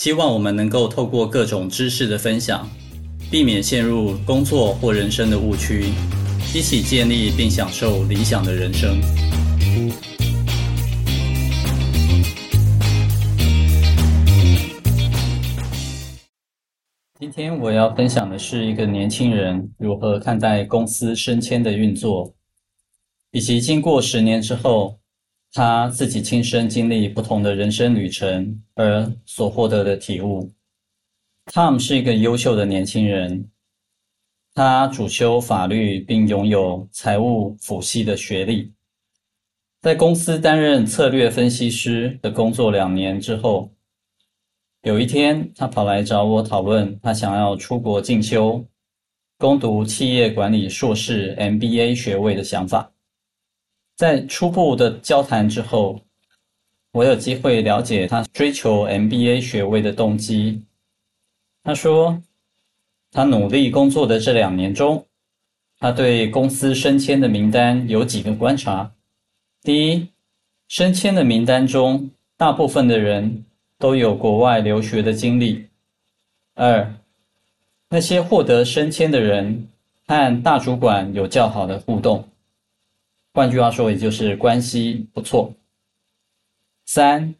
希望我們能夠透過各種知識的分享，避免陷入工作或人生的誤區，一起建立並享受理想的人生。今天我要分享的是一個年輕人如何看待公司升遷的運作，以及經過十年之後。他自己親身經歷不同的人生旅程而所獲得的體悟。Tom 是一個優秀的年輕人，他主修法律，並擁有財務輔系的學歷，在公司擔任策略分析師的工作兩年之後，有一天他跑來找我討論他想要出國進修、攻讀企業管理碩士 MBA 學位的想法。在初步的交談之後，我有機會了解他追求 MBA 學位的動機。他說，他努力工作的這兩年中，他對公司升遷的名單有幾個觀察：第一，升遷的名單中，大部分的人都有國外留學的經歷；二，那些獲得升遷的人和大主管有較好的互動。換句話說，也就是關係不錯。三，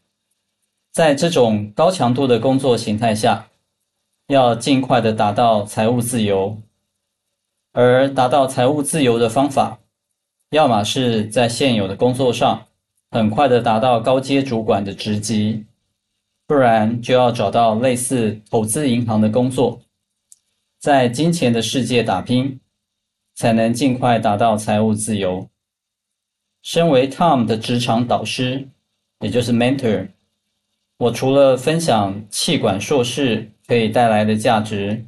在這種高強度的工作形態下，要盡快的達到財務自由。而達到財務自由的方法，要麼是在現有的工作上，很快的達到高階主管的職級，不然就要找到類似投資銀行的工作，在金錢的世界打拼，才能盡快達到財務自由。身為 Tom 的職場導師，也就是 mentor，我除了分享企管碩士可以帶來的價值，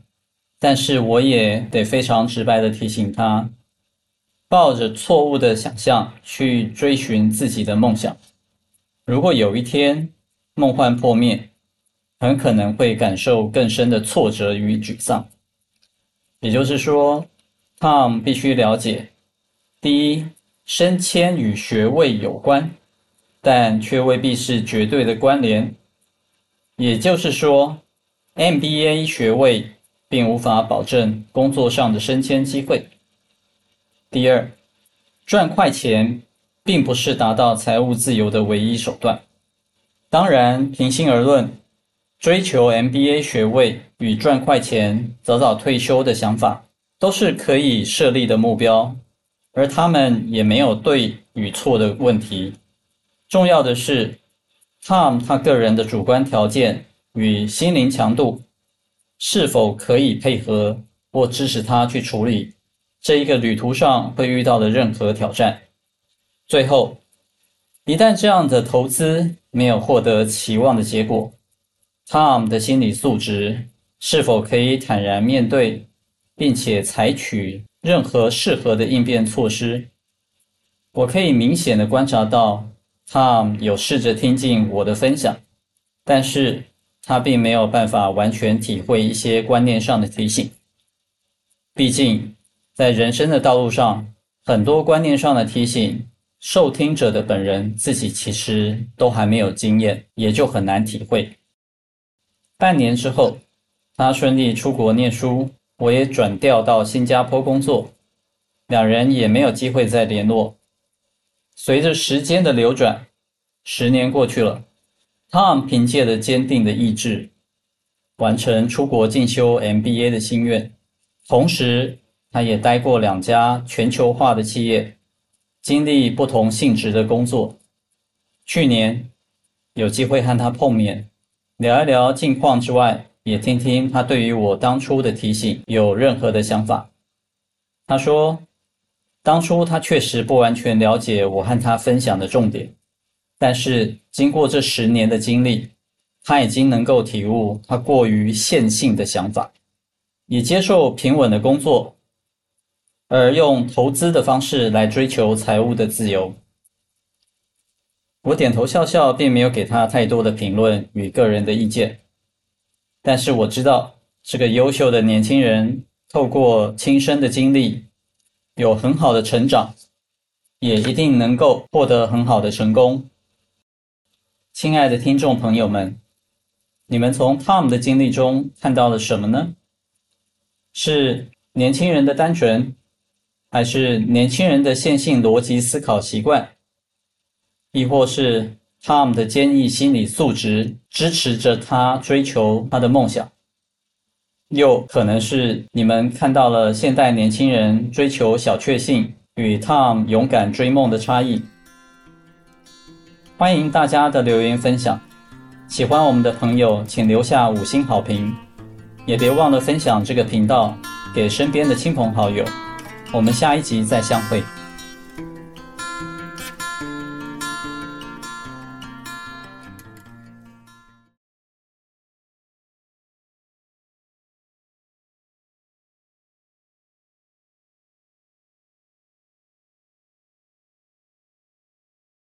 但是我也得非常直白的提醒他，抱着錯誤的想象去追尋自己的夢想，如果有一天夢幻破滅，很可能會感受更深的挫折與沮喪。也就是說，Tom 必須了解，第一。升遷與學位有關，但卻未必是絕對的關聯。也就是說，MBA 學位並無法保證工作上的升遷機會。第二，賺快錢並不是達到財務自由的唯一手段。當然，平心而論，追求 MBA 學位與賺快錢、早早退休的想法都是可以設立的目標。而他們也沒有對與錯的問題，重要的是，Tom 他個人的主觀條件與心靈強度，是否可以配合或支持他去處理這一個旅途上會遇到的任何挑戰。最後，一旦這樣的投資沒有獲得期望的結果，Tom 的心理素質是否可以坦然面對，並且採取，任何適合的應變措施，我可以明顯的觀察到，Tom 有試着聽進我的分享，但是他並沒有辦法完全體會一些觀念上的提醒。畢竟，在人生的道路上，很多觀念上的提醒，受聽者的本人自己其實都還沒有經驗，也就很難體會。半年之後，他順利出國念書。我也轉調到新加坡工作，兩人也沒有機會再聯絡。隨着時間的流轉，十年過去了，Tom 憑借着堅定的意志，完成出國進修 MBA 的心願，同時他也待過兩家全球化的企業，經歷不同性質的工作。去年有機會和他碰面，聊一聊近況之外。也聽聽他對於我當初的提醒有任何的想法。他說，當初他確實不完全了解我和他分享的重點，但是經過這十年的經歷，他已經能夠體悟他過於線性的想法，也接受平穩的工作，而用投資的方式來追求財務的自由。我點頭笑笑，並沒有給他太多的評論與個人的意見。但是我知道這個優秀的年輕人透過親身的經歷，有很好的成長，也一定能夠獲得很好的成功。親愛的聽眾朋友們，你們從 Tom 的經歷中看到了什麼呢？是年輕人的單純，還是年輕人的線性邏輯思考習慣，亦或是？Tom 的堅毅心理素質支持着他追求他的夢想，又可能是你們看到了現代年輕人追求小確幸與 Tom 勇敢追夢的差異。歡迎大家的留言分享，喜歡我們的朋友請留下五星好評，也別忘了分享這個頻道給身邊的親朋好友。我們下一集再相會。